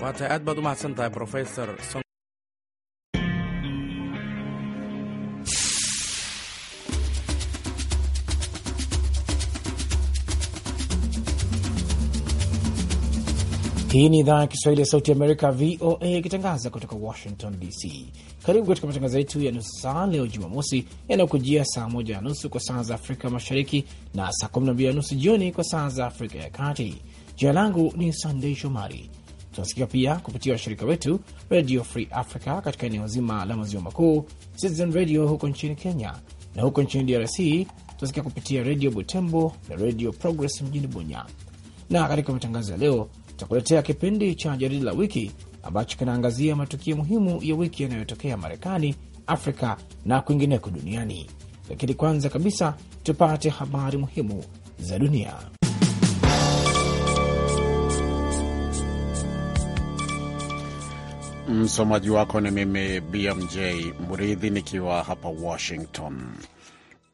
waa tahay aad baad u mahadsan tahay Hii ni idhaa ya Kiswahili ya Sauti Amerika, VOA, ikitangaza kutoka Washington DC. Karibu katika matangazo yetu ya nusu saa leo Jumamosi, yanayokujia saa moja na nusu kwa saa za Afrika Mashariki na saa kumi na mbili na nusu jioni kwa saa za Afrika ya Kati Jina langu ni Sandei Shomari. Tunasikika pia kupitia washirika wetu Radio Free Africa katika eneo zima la maziwa makuu, Citizen Radio huko nchini Kenya, na huko nchini DRC tunasikika kupitia Radio Butembo na Radio Progress mjini Bunya. Na katika matangazo ya leo tutakuletea kipindi cha jarida la wiki ambacho kinaangazia matukio muhimu ya wiki yanayotokea Marekani, Afrika na kwingineko duniani. Lakini kwanza kabisa tupate habari muhimu za dunia. Msomaji wako ni mimi BMJ Mridhi nikiwa hapa Washington.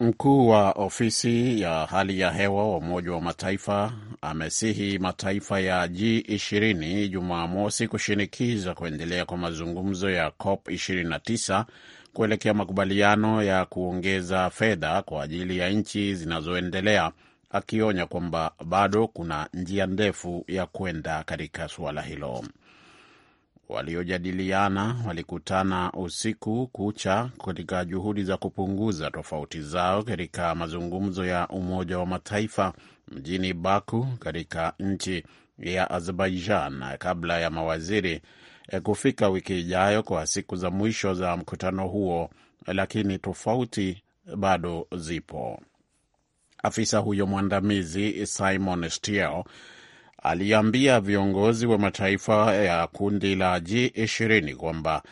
Mkuu wa ofisi ya hali ya hewa wa Umoja wa Mataifa amesihi mataifa ya G20 Jumamosi kushinikiza kuendelea kwa mazungumzo ya COP 29 kuelekea makubaliano ya kuongeza fedha kwa ajili ya nchi zinazoendelea, akionya kwamba bado kuna njia ndefu ya kwenda katika suala hilo waliojadiliana walikutana usiku kucha katika juhudi za kupunguza tofauti zao katika mazungumzo ya Umoja wa Mataifa mjini Baku katika nchi ya Azerbaijan kabla ya mawaziri eh, kufika wiki ijayo kwa siku za mwisho za mkutano huo, lakini tofauti bado zipo. Afisa huyo mwandamizi Simon Stiel aliambia viongozi wa mataifa ya kundi la G20 kwamba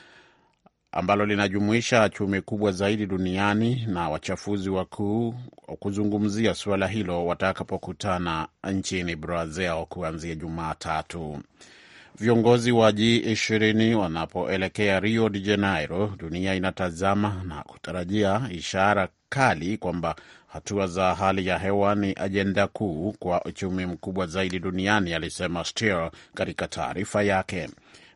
ambalo linajumuisha chumi kubwa zaidi duniani na wachafuzi wakuu kuzungumzia suala hilo watakapokutana nchini Brazil kuanzia Jumatatu. Viongozi wa G20 wanapoelekea Rio de Janeiro, dunia inatazama na kutarajia ishara kali kwamba Hatua za hali ya hewa ni ajenda kuu kwa uchumi mkubwa zaidi duniani, alisema Steer katika taarifa yake.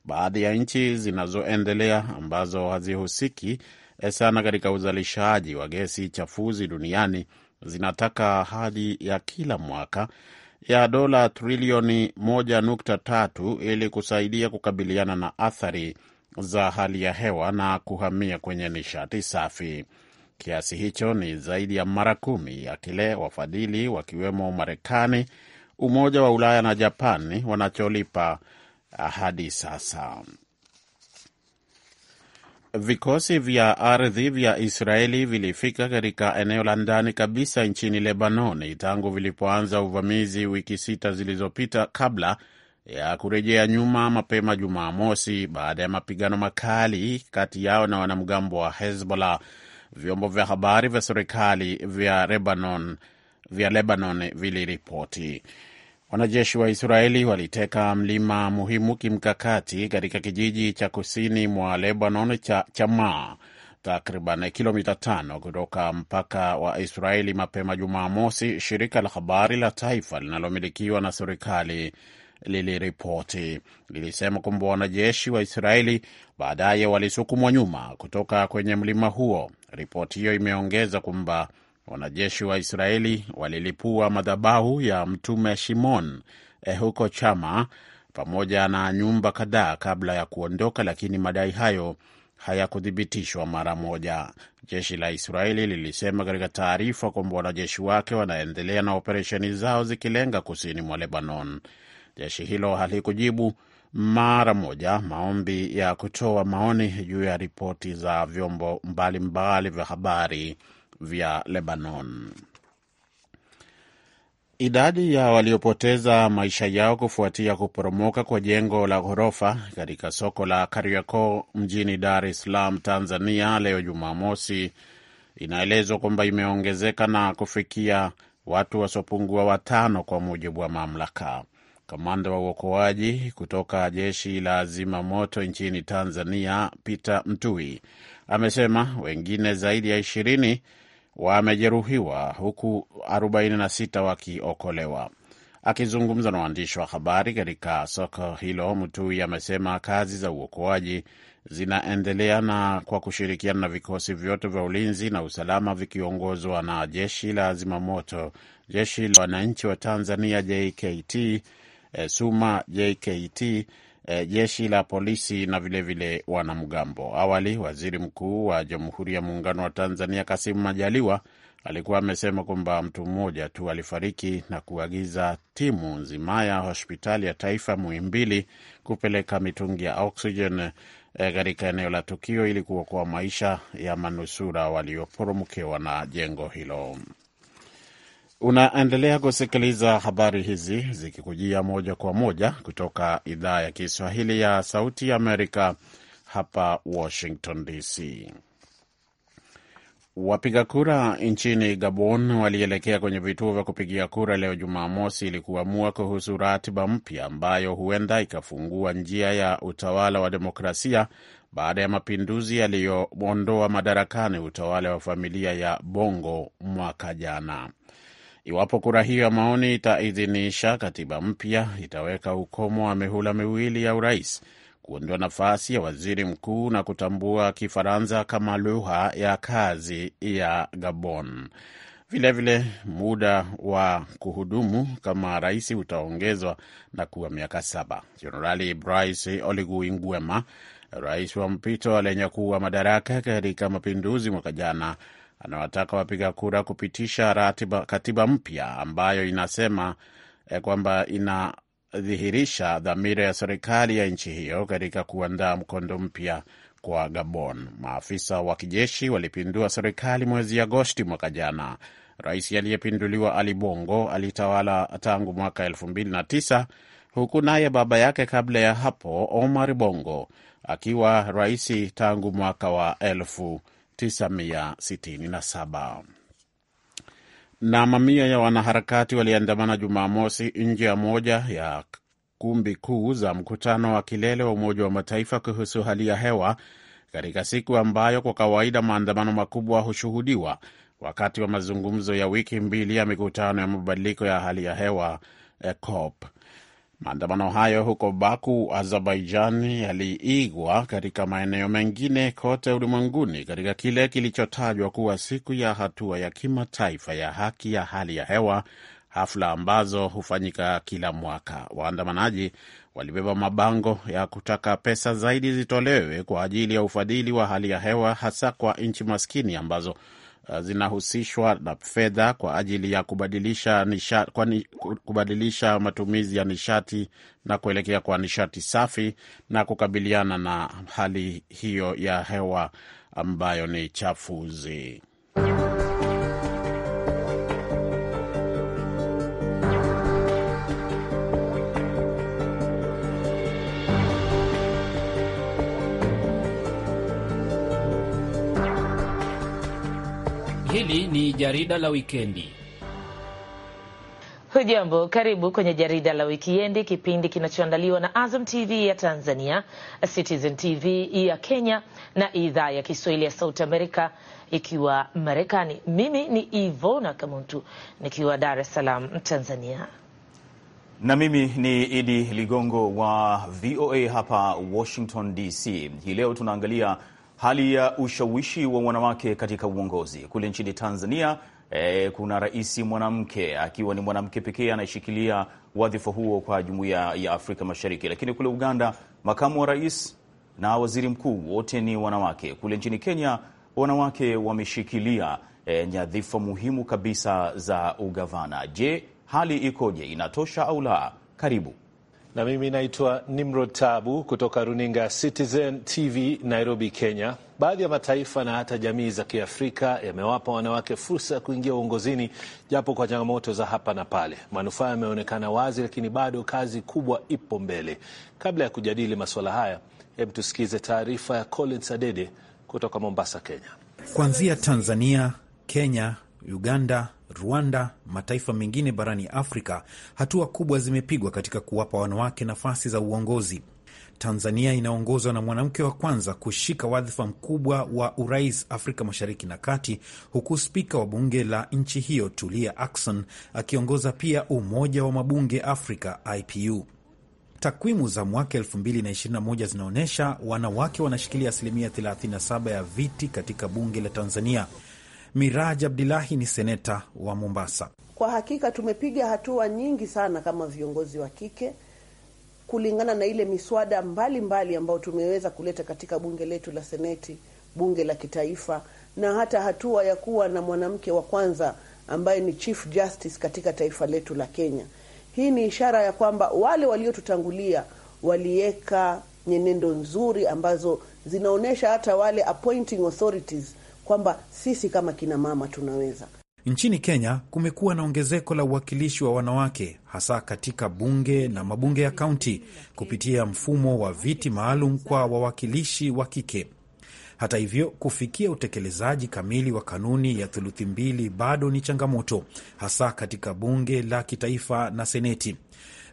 Baadhi ya nchi zinazoendelea ambazo hazihusiki sana katika uzalishaji wa gesi chafuzi duniani zinataka hali ya kila mwaka ya dola trilioni 1.3 ili kusaidia kukabiliana na athari za hali ya hewa na kuhamia kwenye nishati safi. Kiasi hicho ni zaidi ya mara kumi ya kile wafadhili wakiwemo Marekani, Umoja wa Ulaya na Japani wanacholipa ah, hadi sasa. Vikosi vya ardhi vya Israeli vilifika katika eneo la ndani kabisa nchini Lebanoni tangu vilipoanza uvamizi wiki sita zilizopita kabla ya kurejea nyuma mapema Jumamosi baada ya mapigano makali kati yao na wanamgambo wa Hezbollah vyombo vya habari vya serikali vya Lebanon, vya Lebanon viliripoti. Wanajeshi wa Israeli waliteka mlima muhimu kimkakati katika kijiji cha kusini mwa Lebanon cha Chama, takriban kilomita tano kutoka mpaka wa Israeli. Mapema Jumamosi, shirika la habari la taifa linalomilikiwa na serikali liliripoti. Lilisema kwamba wanajeshi wa Israeli baadaye walisukumwa nyuma kutoka kwenye mlima huo. Ripoti hiyo imeongeza kwamba wanajeshi wa Israeli walilipua madhabahu ya Mtume Shimon eh, huko Chama pamoja na nyumba kadhaa kabla ya kuondoka, lakini madai hayo hayakuthibitishwa mara moja. Jeshi la Israeli lilisema katika taarifa kwamba wanajeshi wake wanaendelea na operesheni zao zikilenga kusini mwa Lebanon. Jeshi hilo halikujibu mara moja maombi ya kutoa maoni juu ya ripoti za vyombo mbalimbali vya habari vya Lebanon. Idadi ya waliopoteza maisha yao kufuatia kuporomoka kwa jengo la ghorofa katika soko la Kariakoo mjini Dar es Salaam, Tanzania, leo Jumamosi inaelezwa kwamba imeongezeka na kufikia watu wasiopungua watano, kwa mujibu wa mamlaka. Kamanda wa uokoaji kutoka jeshi la zimamoto nchini Tanzania, Peter Mtui, amesema wengine zaidi ya ishirini wamejeruhiwa huku 46 wakiokolewa. Akizungumza na waandishi wa habari katika soko hilo, Mtui amesema kazi za uokoaji zinaendelea na kwa kushirikiana na vikosi vyote vya ulinzi na usalama vikiongozwa na jeshi la zimamoto, jeshi la wananchi wa Tanzania, JKT, e, SUMA JKT e, eh, jeshi la polisi na vilevile wanamgambo. Awali waziri mkuu wa Jamhuri ya Muungano wa Tanzania Kasimu Majaliwa alikuwa amesema kwamba mtu mmoja tu alifariki na kuagiza timu nzima ya hospitali ya taifa Muhimbili kupeleka mitungi ya oksijen eh, katika eneo la tukio ili kuokoa maisha ya manusura walioporomokewa na jengo hilo. Unaendelea kusikiliza habari hizi zikikujia moja kwa moja kutoka idhaa ya Kiswahili ya Sauti ya Amerika hapa Washington DC. Wapiga kura nchini Gabon walielekea kwenye vituo vya kupigia kura leo Jumamosi ili kuamua kuhusu ratiba mpya ambayo huenda ikafungua njia ya utawala wa demokrasia baada ya mapinduzi yaliyoondoa madarakani utawala wa familia ya Bongo mwaka jana. Iwapo kura hiyo ya maoni itaidhinisha katiba mpya, itaweka ukomo wa mihula miwili ya urais, kuondoa nafasi ya waziri mkuu na kutambua Kifaransa kama lugha ya kazi ya Gabon. Vilevile vile, muda wa kuhudumu kama rais utaongezwa na kuwa miaka saba. Jenerali Brice Oligui Nguema, rais wa mpito lenye kuwa madaraka katika mapinduzi mwaka jana anawataka wapiga kura kupitisha ratiba, katiba mpya ambayo inasema eh, kwamba inadhihirisha dhamira ya serikali ya nchi hiyo katika kuandaa mkondo mpya kwa Gabon. Maafisa wa kijeshi walipindua serikali mwezi Agosti mwaka jana. Rais aliyepinduliwa Ali Bongo alitawala tangu mwaka 2009 huku naye baba yake kabla ya hapo Omar Bongo akiwa rais tangu mwaka wa elfu 1967. Na mamia ya wanaharakati waliandamana Jumamosi nje ya moja ya kumbi kuu za mkutano wa kilele wa Umoja wa Mataifa kuhusu hali ya hewa katika siku ambayo kwa kawaida maandamano makubwa hushuhudiwa wakati wa mazungumzo ya wiki mbili ya mikutano ya mabadiliko ya hali ya hewa eh, COP. Maandamano hayo huko Baku, Azerbaijan, yaliigwa katika maeneo mengine kote ulimwenguni katika kile kilichotajwa kuwa siku ya hatua ya kimataifa ya haki ya hali ya hewa, hafla ambazo hufanyika kila mwaka. Waandamanaji walibeba mabango ya kutaka pesa zaidi zitolewe kwa ajili ya ufadhili wa hali ya hewa, hasa kwa nchi maskini ambazo Uh, zinahusishwa na fedha kwa ajili ya kubadilisha, nisha, kwa ni, kubadilisha matumizi ya nishati na kuelekea kwa nishati safi na kukabiliana na hali hiyo ya hewa ambayo ni chafuzi. ni jarida la wikendi. Hujambo, karibu kwenye jarida la wikiendi, kipindi kinachoandaliwa na Azam TV ya Tanzania, Citizen TV ya Kenya na idhaa ya Kiswahili ya Sauti Amerika ikiwa Marekani. Mimi ni Ivona Kamuntu nikiwa Dar es Salaam, Tanzania, na mimi ni Idi Ligongo wa VOA hapa Washington DC. Hii leo tunaangalia hali ya ushawishi wa wanawake katika uongozi kule nchini Tanzania. E, kuna rais mwanamke akiwa ni mwanamke pekee anayeshikilia wadhifa huo kwa jumuiya ya Afrika Mashariki, lakini kule Uganda makamu wa rais na waziri mkuu wote ni wanawake. Kule nchini Kenya wanawake wameshikilia e, nyadhifa muhimu kabisa za ugavana. Je, hali ikoje? Inatosha au la? Karibu. Na mimi naitwa Nimrod Tabu kutoka runinga ya Citizen TV Nairobi, Kenya. Baadhi ya mataifa na hata jamii za Kiafrika yamewapa wanawake fursa ya kuingia uongozini, japo kwa changamoto za hapa na pale. Manufaa yameonekana wazi, lakini bado kazi kubwa ipo mbele. Kabla ya kujadili masuala haya, hebu tusikize taarifa ya Collins Adede kutoka Mombasa, Kenya. Kuanzia Tanzania, Kenya, Uganda, Rwanda, mataifa mengine barani Afrika, hatua kubwa zimepigwa katika kuwapa wanawake nafasi za uongozi. Tanzania inaongozwa na mwanamke wa kwanza kushika wadhifa mkubwa wa urais Afrika Mashariki na Kati, huku spika wa bunge la nchi hiyo Tulia Ackson akiongoza pia Umoja wa Mabunge Afrika IPU. Takwimu za mwaka 2021 zinaonyesha wanawake wanashikilia asilimia 37 ya viti katika bunge la Tanzania. Miraj abdulahi ni seneta wa Mombasa. Kwa hakika tumepiga hatua nyingi sana kama viongozi wa kike kulingana na ile miswada mbalimbali ambayo tumeweza kuleta katika bunge letu la Seneti, bunge la kitaifa, na hata hatua ya kuwa na mwanamke wa kwanza ambaye ni Chief Justice katika taifa letu la Kenya. Hii ni ishara ya kwamba wale waliotutangulia waliweka nyenendo nzuri ambazo zinaonyesha hata wale appointing authorities kwamba sisi kama kina mama tunaweza. Nchini Kenya kumekuwa na ongezeko la uwakilishi wa wanawake hasa katika bunge na mabunge ya kaunti kupitia mfumo wa viti maalum kwa wawakilishi wa kike. Hata hivyo, kufikia utekelezaji kamili wa kanuni ya thuluthi mbili bado ni changamoto, hasa katika bunge la kitaifa na seneti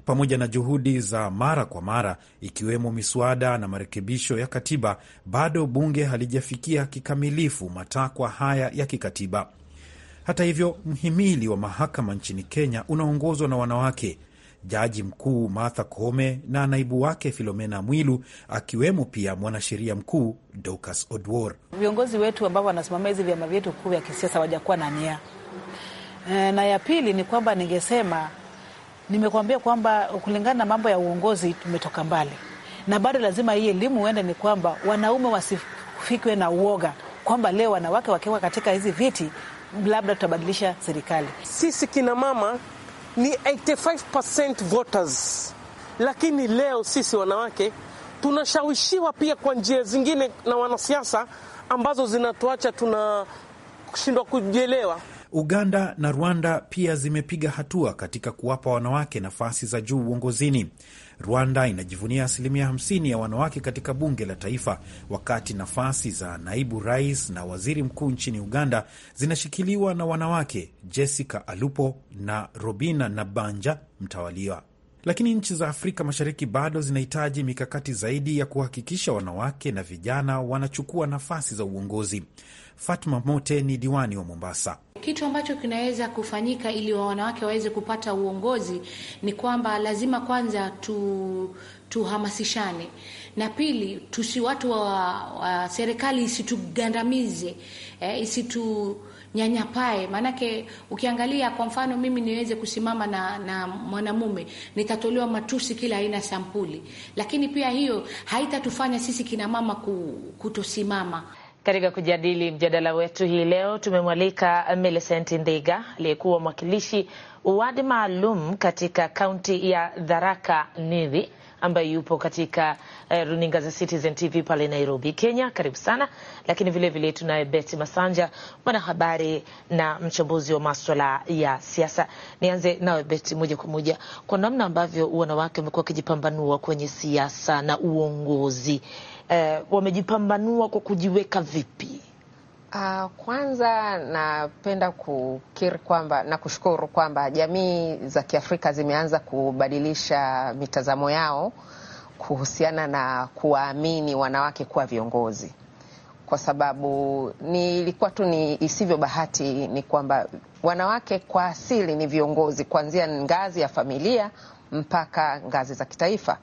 pamoja na juhudi za mara kwa mara ikiwemo miswada na marekebisho ya katiba, bado bunge halijafikia kikamilifu matakwa haya ya kikatiba. Hata hivyo, mhimili wa mahakama nchini Kenya unaongozwa na wanawake Jaji mkuu Martha Koome na naibu wake Filomena Mwilu, akiwemo pia mwanasheria mkuu Dorcas Odwor. Viongozi wetu ambao wanasimamia hizi vyama vyetu kuu vya kisiasa wajakuwa na nia e. Na ya pili ni kwamba ningesema nimekuambia kwamba kulingana na mambo ya uongozi tumetoka mbali, na bado lazima hii elimu huenda ni kwamba wanaume wasifikwe na uoga kwamba leo wanawake wakiwa katika hizi viti labda tutabadilisha serikali. Sisi kina mama ni 85% voters, lakini leo sisi wanawake tunashawishiwa pia kwa njia zingine na wanasiasa ambazo zinatuacha tunashindwa kujielewa. Uganda na Rwanda pia zimepiga hatua katika kuwapa wanawake nafasi za juu uongozini. Rwanda inajivunia asilimia 50 ya wanawake katika bunge la taifa, wakati nafasi za naibu rais na waziri mkuu nchini Uganda zinashikiliwa na wanawake, Jessica Alupo na Robina Nabanja mtawaliwa lakini nchi za Afrika Mashariki bado zinahitaji mikakati zaidi ya kuhakikisha wanawake na vijana wanachukua nafasi za uongozi. Fatma Mote ni diwani wa Mombasa. Kitu ambacho kinaweza kufanyika ili wanawake waweze kupata uongozi ni kwamba lazima kwanza tu tuhamasishane na pili, tusi watu wa, wa serikali isitugandamize eh, isitu nyanyapae. Maanake ukiangalia kwa mfano, mimi niweze kusimama na, na mwanamume nitatolewa matusi kila aina sampuli, lakini pia hiyo haitatufanya sisi kinamama kutosimama. Katika kujadili mjadala wetu hii leo tumemwalika Millicent Ndhiga aliyekuwa mwakilishi wadi maalum katika kaunti ya Tharaka Nithi ambaye yupo katika eh, runinga za Citizen TV pale Nairobi, Kenya. Karibu sana lakini vilevile tunaye Beti Masanja, mwanahabari na mchambuzi wa maswala ya siasa. Nianze nawe Betty, moja kwa moja kwa namna ambavyo wanawake wamekuwa wakijipambanua kwenye siasa na uongozi eh, wamejipambanua kwa kujiweka vipi? Uh, kwanza napenda kukiri kwamba na kushukuru kwamba jamii za Kiafrika zimeanza kubadilisha mitazamo yao kuhusiana na kuwaamini wanawake kuwa viongozi, kwa sababu nilikuwa tu ni isivyo bahati ni kwamba wanawake kwa asili ni viongozi kuanzia ngazi ya familia mpaka ngazi za kitaifa.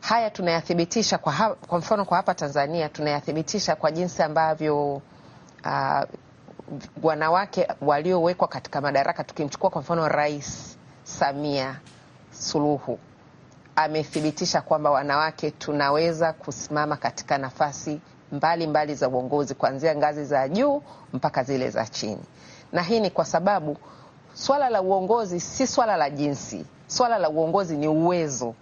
Haya tunayathibitisha kwa, ha kwa mfano kwa hapa Tanzania tunayathibitisha kwa jinsi ambavyo uh, wanawake waliowekwa katika madaraka, tukimchukua kwa mfano Rais Samia Suluhu amethibitisha kwamba wanawake tunaweza kusimama katika nafasi mbalimbali mbali za uongozi kuanzia ngazi za juu mpaka zile za chini, na hii ni kwa sababu swala la uongozi si swala la jinsi. Swala la uongozi ni uwezo.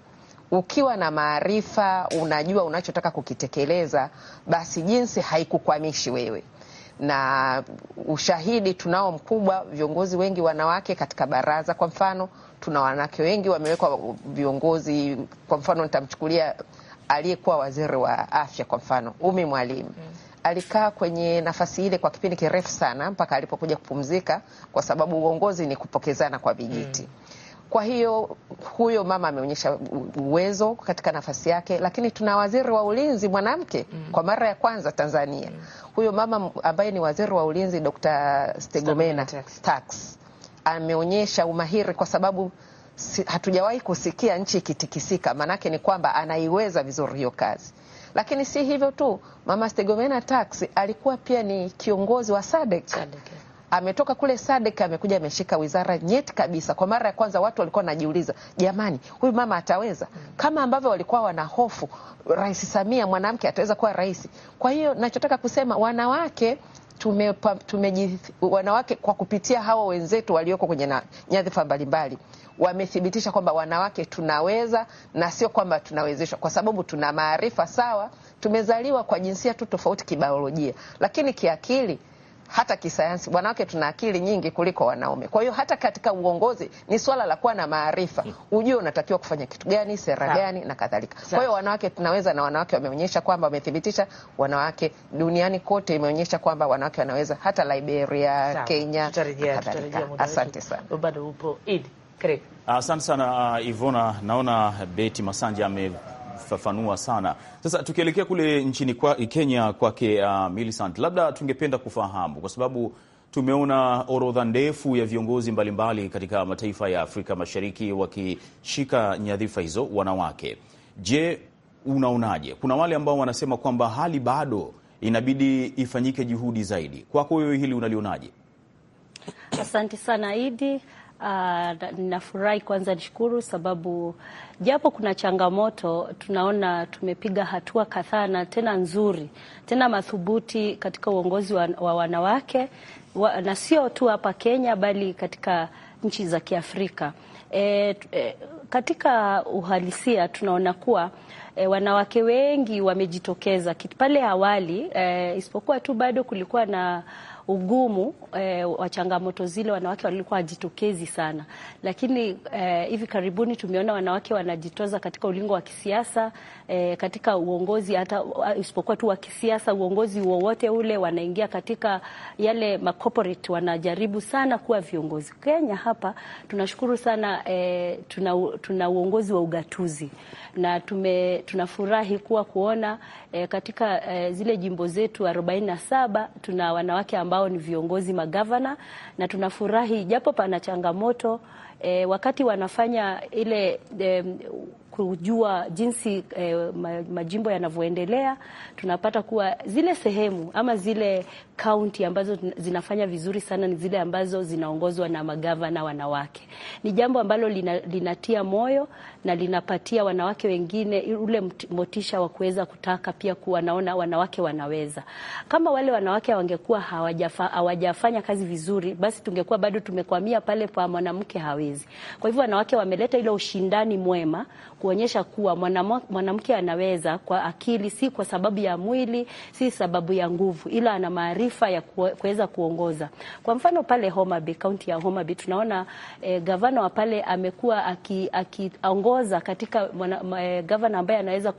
Ukiwa na maarifa, unajua unachotaka kukitekeleza, basi jinsi haikukwamishi wewe. Na ushahidi tunao mkubwa, viongozi wengi wanawake katika baraza, kwa mfano tuna wanawake wengi wamewekwa viongozi. Kwa mfano nitamchukulia aliyekuwa waziri wa afya, kwa mfano Umi Mwalimu mm. alikaa kwenye nafasi ile kwa kipindi kirefu sana mpaka alipokuja kupumzika, kwa sababu uongozi ni kupokezana kwa vijiti mm. Kwa hiyo huyo mama ameonyesha uwezo katika nafasi yake, lakini tuna waziri wa ulinzi mwanamke mm. kwa mara ya kwanza Tanzania mm. Huyo mama ambaye ni waziri wa ulinzi Dr. Stegomena Tax ameonyesha umahiri kwa sababu si, hatujawahi kusikia nchi ikitikisika. Maanake ni kwamba anaiweza vizuri hiyo kazi. Lakini si hivyo tu, mama Stegomena Tax alikuwa pia ni kiongozi wa SADC. SADC ametoka kule SADC amekuja ameshika wizara nyeti kabisa. Kwa mara ya kwanza watu walikuwa wanajiuliza, jamani, huyu mama ataweza? Hmm. Kama ambavyo walikuwa wana hofu Rais Samia mwanamke ataweza kuwa rais. Kwa hiyo nachotaka kusema wanawake tume, tume, wanawake kwa kupitia hawa wenzetu walioko kwenye nyadhifa mbalimbali wamethibitisha kwamba wanawake tunaweza na sio kwamba tunawezeshwa, kwa sababu tuna maarifa sawa. Tumezaliwa kwa jinsia tu tofauti kibiolojia, lakini kiakili hata kisayansi wanawake tuna akili nyingi kuliko wanaume. Kwa hiyo hata katika uongozi ni swala la kuwa na maarifa, ujue unatakiwa kufanya kitu gani, sera gani na kadhalika. Kwa hiyo wanawake tunaweza, na wanawake wameonyesha kwamba, wamethibitisha wanawake duniani kote, imeonyesha kwamba wanawake wanaweza, hata Liberia Sao, Kenya. Asante sana, bado upo Idi. Asante sana uh, Ivona, naona Beti Masanja ame kufafanua sana. Sasa tukielekea kule nchini kwa, Kenya kwake uh, Millicent, labda tungependa kufahamu kwa sababu tumeona orodha ndefu ya viongozi mbalimbali mbali katika mataifa ya Afrika Mashariki wakishika nyadhifa hizo wanawake. Je, unaonaje? Kuna wale ambao wanasema kwamba hali bado inabidi ifanyike juhudi zaidi. Kwako wewe hili unalionaje? Asante sana Idi. Ah, nafurahi kwanza, nishukuru sababu japo kuna changamoto, tunaona tumepiga hatua kadhaa na tena nzuri tena mathubuti katika uongozi wa, wa wanawake wa, na sio tu hapa Kenya bali katika nchi za Kiafrika. E, e, katika uhalisia tunaona kuwa e, wanawake wengi wamejitokeza pale awali e, isipokuwa tu bado kulikuwa na ugumu e, wa changamoto zile, wanawake walikuwa wajitokezi sana, lakini e, hivi karibuni tumeona wanawake wanajitoza katika ulingo wa kisiasa e, katika uongozi, hata isipokuwa tu wa kisiasa, uongozi wowote ule wanaingia katika yale ma wanajaribu sana kuwa viongozi. Kenya hapa tunashukuru sana e, tuna, tuna uongozi wa ugatuzi na tume, tunafurahi kuwa kuona e, katika e, zile jimbo zetu 47 tuna wanawake ambao ambao ni viongozi magavana, na tunafurahi japo pana changamoto e, wakati wanafanya ile e, kujua jinsi eh, majimbo yanavyoendelea, tunapata kuwa zile sehemu ama zile kaunti ambazo zinafanya vizuri sana ni zile ambazo zinaongozwa na magavana wanawake. Ni jambo ambalo lina, linatia moyo na linapatia wanawake wengine ule motisha wa kuweza kutaka pia kuwa naona wanawake wanaweza. Kama wale wanawake wangekuwa hawajafa, hawajafanya kazi vizuri, basi tungekuwa bado tumekwamia pale pa mwanamke hawezi. Kwa hivyo wanawake wameleta ile ushindani mwema ku kuonyesha kuwa mwanamke anaweza kwa akili, si kwa sababu ya mwili, si sababu ya nguvu, ila ana maarifa ya kuweza kuongoza. Kwa mfano pale Homa Bay, kaunti ya Homa Bay, tunaona eh, gavana wa pale amekuwa akiongoza aki katika mwana, eh, gavana ambaye anaweza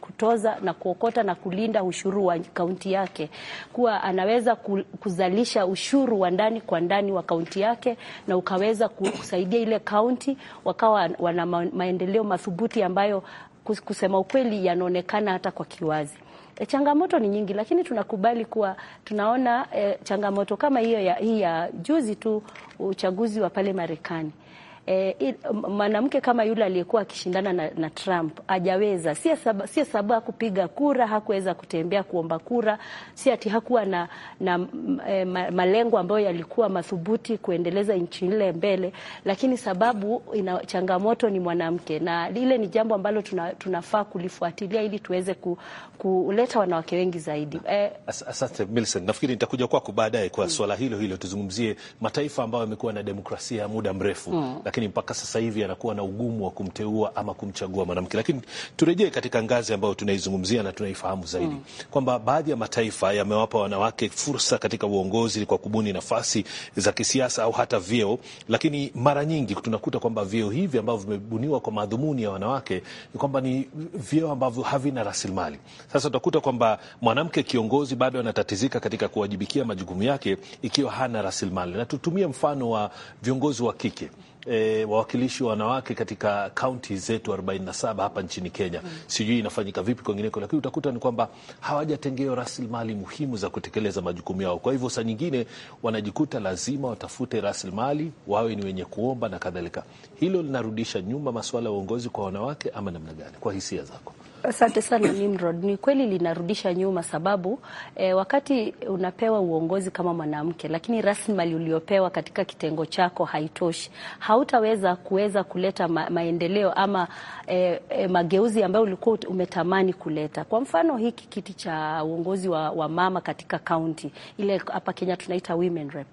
kutoza na kuokota na kulinda ushuru wa kaunti yake, kuwa anaweza kuzalisha ushuru wa ndani kwa ndani wa kaunti yake na ukaweza kusaidia ile kaunti wakawa wana maendeleo madhubuti tofauti ambayo kusema ukweli yanaonekana hata kwa kiwazi. E, changamoto ni nyingi, lakini tunakubali kuwa tunaona e, changamoto kama hiyo ya, hii ya juzi tu uchaguzi wa pale Marekani eh, mwanamke kama yule aliyekuwa akishindana na, na Trump ajaweza si sababu sio sababu kupiga kura, hakuweza kutembea kuomba kura, si ati hakuwa na, na eh, malengo ambayo yalikuwa madhubuti kuendeleza nchi ile mbele, lakini sababu ina changamoto ni mwanamke, na lile ni jambo ambalo tuna, tunafaa kulifuatilia ili tuweze ku, kuleta wanawake wengi zaidi eh. Asante Milson, nafikiri nitakuja kwako baadaye kwa, kwa mm. swala hilo hilo tuzungumzie mataifa ambayo yamekuwa na demokrasia muda mrefu mm lakini mpaka sasa hivi anakuwa na ugumu wa kumteua ama kumchagua mwanamke. Lakini turejee katika ngazi ambayo tunaizungumzia na tunaifahamu zaidi mm, kwamba baadhi ya mataifa yamewapa wanawake fursa katika uongozi kwa kubuni nafasi za kisiasa au hata vyeo, lakini mara nyingi tunakuta kwamba vyeo hivi ambavyo vimebuniwa kwa madhumuni ya wanawake ni kwamba ni vyeo ambavyo havina rasilimali. Sasa utakuta kwamba mwanamke kiongozi bado anatatizika katika kuwajibikia majukumu yake ikiwa hana rasilimali, na tutumie mfano wa viongozi wa kike e, wawakilishi wa wanawake katika kaunti zetu 47 hapa nchini Kenya. Mm. Sijui inafanyika vipi kwingineko, lakini utakuta ni kwamba hawajatengewa rasilimali muhimu za kutekeleza majukumu yao. Kwa hivyo saa nyingine wanajikuta lazima watafute rasilimali, wawe ni wenye kuomba na kadhalika. Hilo linarudisha nyuma masuala ya uongozi kwa wanawake ama namna gani, kwa hisia zako? Asante sana Nimrod, ni kweli linarudisha nyuma sababu e, wakati unapewa uongozi kama mwanamke, lakini rasilimali uliopewa katika kitengo chako haitoshi, hautaweza kuweza kuleta ma, maendeleo ama e, e, mageuzi ambayo ulikuwa umetamani kuleta. Kwa mfano hiki kiti cha uongozi wa, wa mama katika kaunti ile hapa Kenya tunaita women rep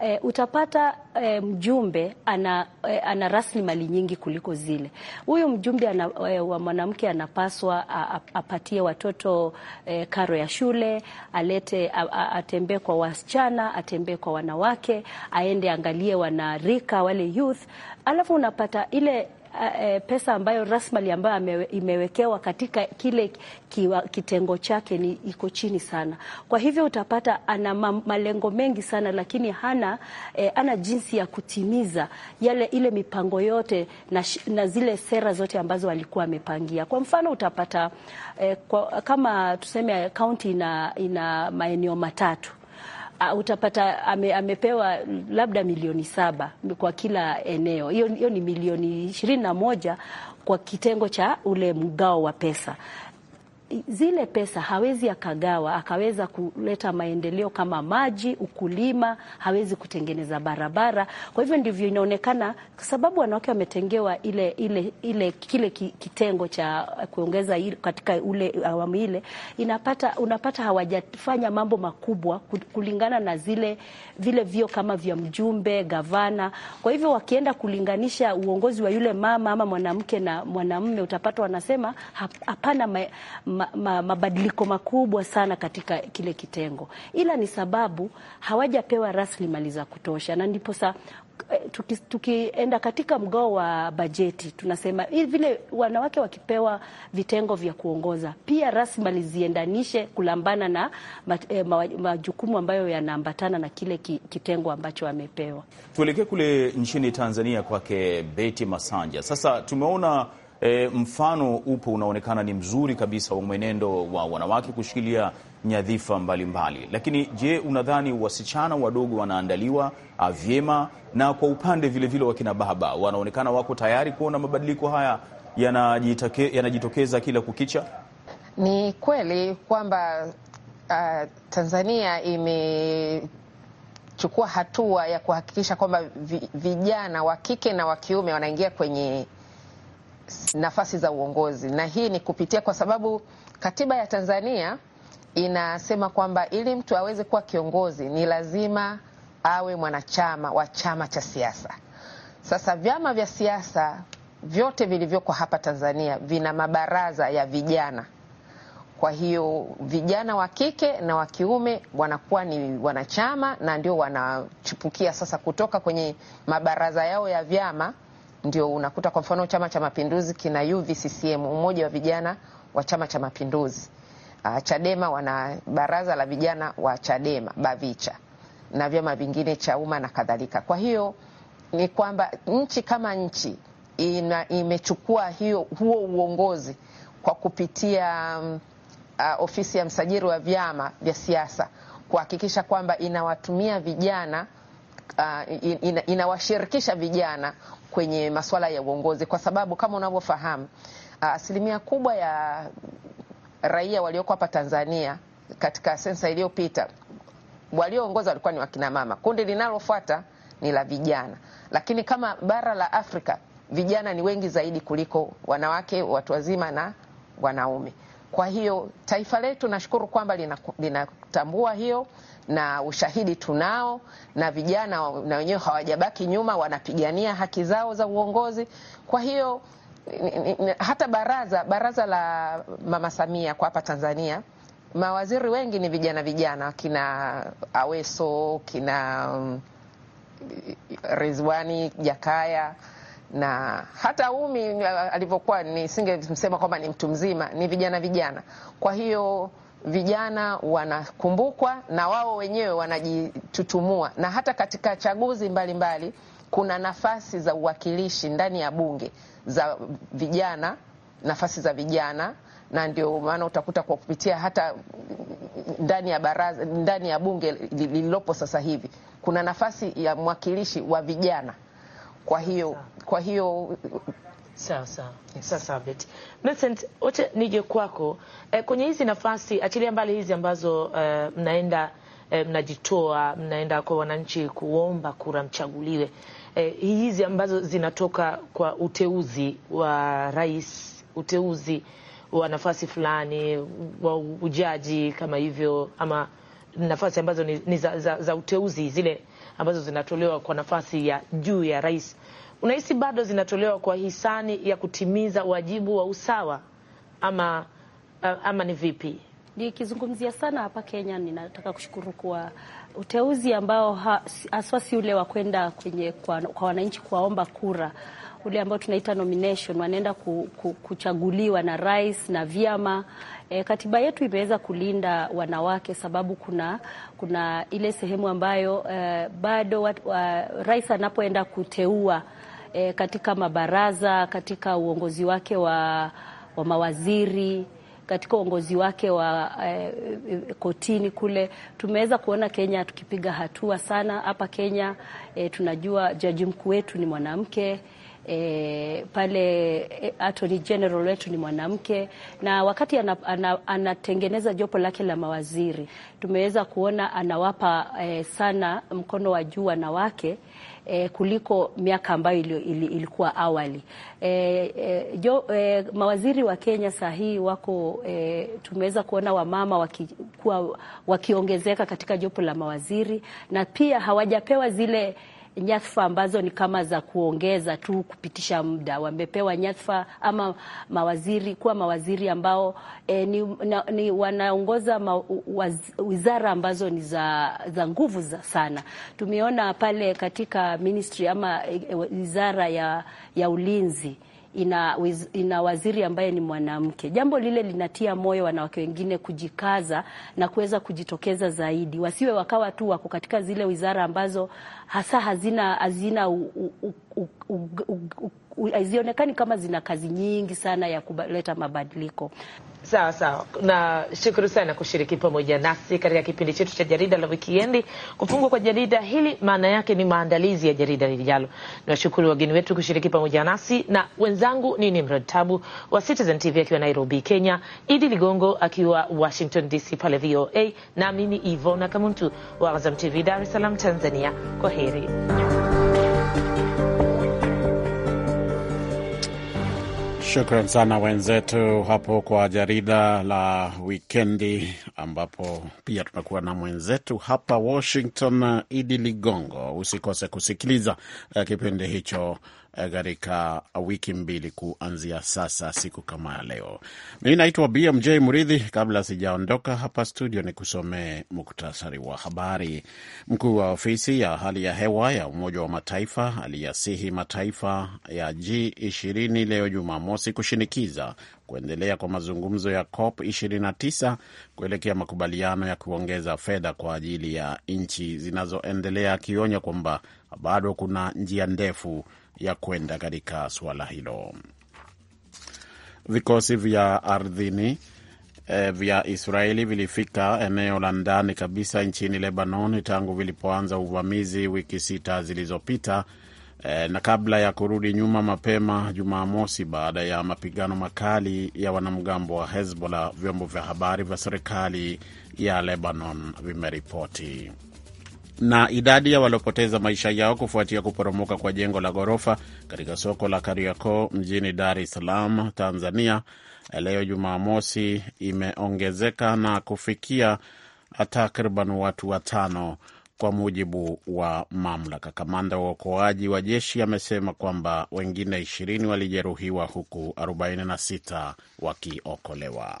e, utapata e, mjumbe ana, e, ana rasilimali nyingi kuliko zile. Huyu mjumbe ana, e, wa mwanamke anapaswa anatakiwa apatie watoto e, karo ya shule, alete atembee kwa wasichana, atembee kwa wanawake, aende angalie wanarika wale youth, alafu unapata ile uh, pesa ambayo rasmali ambayo imewekewa katika kile kiwa, kitengo chake ni iko chini sana. Kwa hivyo utapata ana malengo mengi sana lakini hana, e, eh, ana jinsi ya kutimiza yale ile mipango yote na, na zile sera zote ambazo alikuwa amepangia. Kwa mfano utapata e, kwa, kama tuseme kaunti ina, ina maeneo matatu uh, utapata ame, amepewa mm, labda milioni saba kwa kila eneo. Hiyo ni milioni ishirini na moja kwa kitengo cha ule mgao wa pesa zile pesa hawezi akagawa akaweza kuleta maendeleo kama maji, ukulima, hawezi kutengeneza barabara. Kwa hivyo ndivyo inaonekana, kwa sababu wanawake wametengewa ile, ile, ile kile kitengo cha kuongeza katika ule awamu ile, inapata unapata hawajafanya mambo makubwa kulingana na zile vile vio kama vya mjumbe, gavana. Kwa hivyo wakienda kulinganisha uongozi wa yule mama ama mwanamke na mwanamume, utapata wanasema hapana ma, ma, ma, mabadiliko makubwa sana katika kile kitengo, ila ni sababu hawajapewa rasilimali za kutosha, na ndipo sa eh, tukienda katika mgao wa bajeti tunasema vile wanawake wakipewa vitengo vya kuongoza, pia rasilimali ziendanishe kulambana na eh, majukumu ambayo yanaambatana na kile kitengo ambacho wamepewa. Tuelekee kule nchini Tanzania kwake Beti Masanja. Sasa tumeona E, mfano upo unaonekana ni mzuri kabisa wa mwenendo wa wanawake kushikilia nyadhifa mbalimbali mbali. Lakini je, unadhani wasichana wadogo wanaandaliwa vyema? Na kwa upande vilevile kina baba wanaonekana wako tayari kuona mabadiliko haya yanajitokeza yana kila kukicha? Ni kweli kwamba uh, Tanzania ime chukua hatua ya kuhakikisha kwamba vijana wa kike na wa kiume wanaingia kwenye nafasi za uongozi, na hii ni kupitia kwa sababu katiba ya Tanzania inasema kwamba ili mtu aweze kuwa kiongozi ni lazima awe mwanachama wa chama cha siasa. Sasa vyama vya siasa vyote vilivyoko hapa Tanzania vina mabaraza ya vijana. Kwa hiyo vijana wa kike na wa kiume wanakuwa ni wanachama na ndio wanachipukia sasa kutoka kwenye mabaraza yao ya vyama ndio unakuta kwa mfano Chama cha Mapinduzi kina UVCCM, umoja wa vijana wa Chama cha Mapinduzi. Uh, Chadema wana baraza la vijana wa Chadema Bavicha na vyama vingine umma na kadhalika. Kwa hiyo ni kwamba nchi kama nchi ina, imechukua hiyo, huo uongozi kwa kupitia uh, ofisi ya msajili wa vyama vya siasa kuhakikisha kwamba inawatumia vijana uh, in, inawashirikisha vijana kwenye masuala ya uongozi, kwa sababu kama unavyofahamu uh, asilimia kubwa ya raia walioko hapa Tanzania katika sensa iliyopita walioongoza walikuwa ni wakina mama. Kundi linalofuata ni la vijana, lakini kama bara la Afrika vijana ni wengi zaidi kuliko wanawake, watu wazima na wanaume. Kwa hiyo taifa letu nashukuru kwamba linatambua lina hiyo na ushahidi tunao, na vijana na wenyewe hawajabaki nyuma, wanapigania haki zao za uongozi. Kwa hiyo hata baraza baraza la Mama Samia kwa hapa Tanzania mawaziri wengi ni vijana vijana, kina Aweso kina mm, Rizwani Jakaya na hata Umi alivyokuwa, nisingemsema kwamba ni mtu mzima, ni vijana vijana. Kwa hiyo vijana wanakumbukwa na wao wenyewe wanajitutumua, na hata katika chaguzi mbalimbali mbali, kuna nafasi za uwakilishi ndani ya bunge za vijana, nafasi za vijana, na ndio maana utakuta kwa kupitia hata ndani ya baraza, ndani ya bunge lililopo sasa hivi kuna nafasi ya mwakilishi wa vijana. Kwa hiyo kwa hiyo sawa sawa sasa, yes. Millicent, wacha nije kwako e, kwenye hizi nafasi, achilia mbali hizi ambazo uh, mnaenda E, mnajitoa mnaenda kwa wananchi kuomba kura mchaguliwe. E, hizi ambazo zinatoka kwa uteuzi wa rais, uteuzi wa nafasi fulani wa ujaji kama hivyo, ama nafasi ambazo ni, ni za, za, za uteuzi zile ambazo zinatolewa kwa nafasi ya juu ya rais, unahisi bado zinatolewa kwa hisani ya kutimiza wajibu wa usawa ama, uh, ama ni vipi? Nikizungumzia sana hapa Kenya, ninataka kushukuru kwa uteuzi ambao haswa si ule wa kwenda kwenye kwa, kwa wananchi kuwaomba kura ule ambao tunaita nomination, wanaenda kuchaguliwa na rais na vyama. E, katiba yetu imeweza kulinda wanawake sababu kuna, kuna ile sehemu ambayo e, bado wa, wa, rais anapoenda kuteua e, katika mabaraza katika uongozi wake wa, wa mawaziri katika uongozi wake wa eh, kotini kule, tumeweza kuona Kenya tukipiga hatua sana. Hapa Kenya eh, tunajua jaji mkuu wetu ni mwanamke e, pale e, Attorney General wetu ni mwanamke, na wakati anatengeneza ana, ana jopo lake la mawaziri tumeweza kuona anawapa e, sana mkono wa juu wanawake e, kuliko miaka ambayo ili, ilikuwa awali e, e, jo, e, mawaziri wa Kenya hii wako e, tumeweza kuona wamama wakiongezeka katika jopo la mawaziri na pia hawajapewa zile nyadhifa ambazo ni kama za kuongeza tu kupitisha muda. Wamepewa nyadhifa ama mawaziri kuwa mawaziri ambao e, ni, na, ni wanaongoza ma, waz, wizara ambazo ni za, za nguvu za sana. Tumeona pale katika ministry ama eh, wizara ya, ya ulinzi ina, ina waziri ambaye ni mwanamke. Jambo lile linatia moyo wanawake wengine kujikaza na kuweza kujitokeza zaidi, wasiwe wakawa tu wako katika zile wizara ambazo hasa hazina hazina hazionekani kama zina kazi nyingi sana ya kuleta mabadiliko. Sawa sawa, na shukuru sana kushiriki pamoja nasi katika kipindi chetu cha jarida la wikiendi. Kufungwa kwa jarida hili maana yake ni maandalizi ya jarida lijalo. washukuru wageni wetu kushiriki pamoja nasi na wenzangu, ni Nimrod Tabu wa Citizen TV akiwa Nairobi, Kenya, Idi Ligongo akiwa Washington DC pale VOA, nami ni Ivona Kamuntu wa Azam TV Dar es Salaam, Tanzania. Kwa heri. Shukran sana wenzetu hapo kwa jarida la wikendi, ambapo pia tumekuwa na mwenzetu hapa Washington, Idi Ligongo. Usikose kusikiliza eh, kipindi hicho Eh, katika wiki mbili kuanzia sasa, siku kama leo. Mi naitwa BMJ Mridhi. Kabla sijaondoka hapa studio, ni kusomee muktasari wa habari. Mkuu wa ofisi ya hali ya hewa ya Umoja wa Mataifa aliyasihi mataifa ya G20 leo Jumamosi kushinikiza kuendelea kwa mazungumzo ya COP 29 kuelekea makubaliano ya kuongeza fedha kwa ajili ya nchi zinazoendelea, akionya kwamba bado kuna njia ndefu ya kwenda katika suala hilo. Vikosi vya ardhini e, vya Israeli vilifika eneo la ndani kabisa nchini Lebanon tangu vilipoanza uvamizi wiki sita zilizopita e, na kabla ya kurudi nyuma mapema Jumamosi baada ya mapigano makali ya wanamgambo wa Hezbollah, vyombo vya habari vya serikali ya Lebanon vimeripoti na idadi ya waliopoteza maisha yao kufuatia kuporomoka kwa jengo la ghorofa katika soko la Kariakoo mjini Dar es Salaam, Tanzania, leo Jumamosi imeongezeka na kufikia takriban watu watano, kwa mujibu wa mamlaka. Kamanda wa uokoaji wa jeshi amesema kwamba wengine ishirini walijeruhiwa huku 46 wakiokolewa.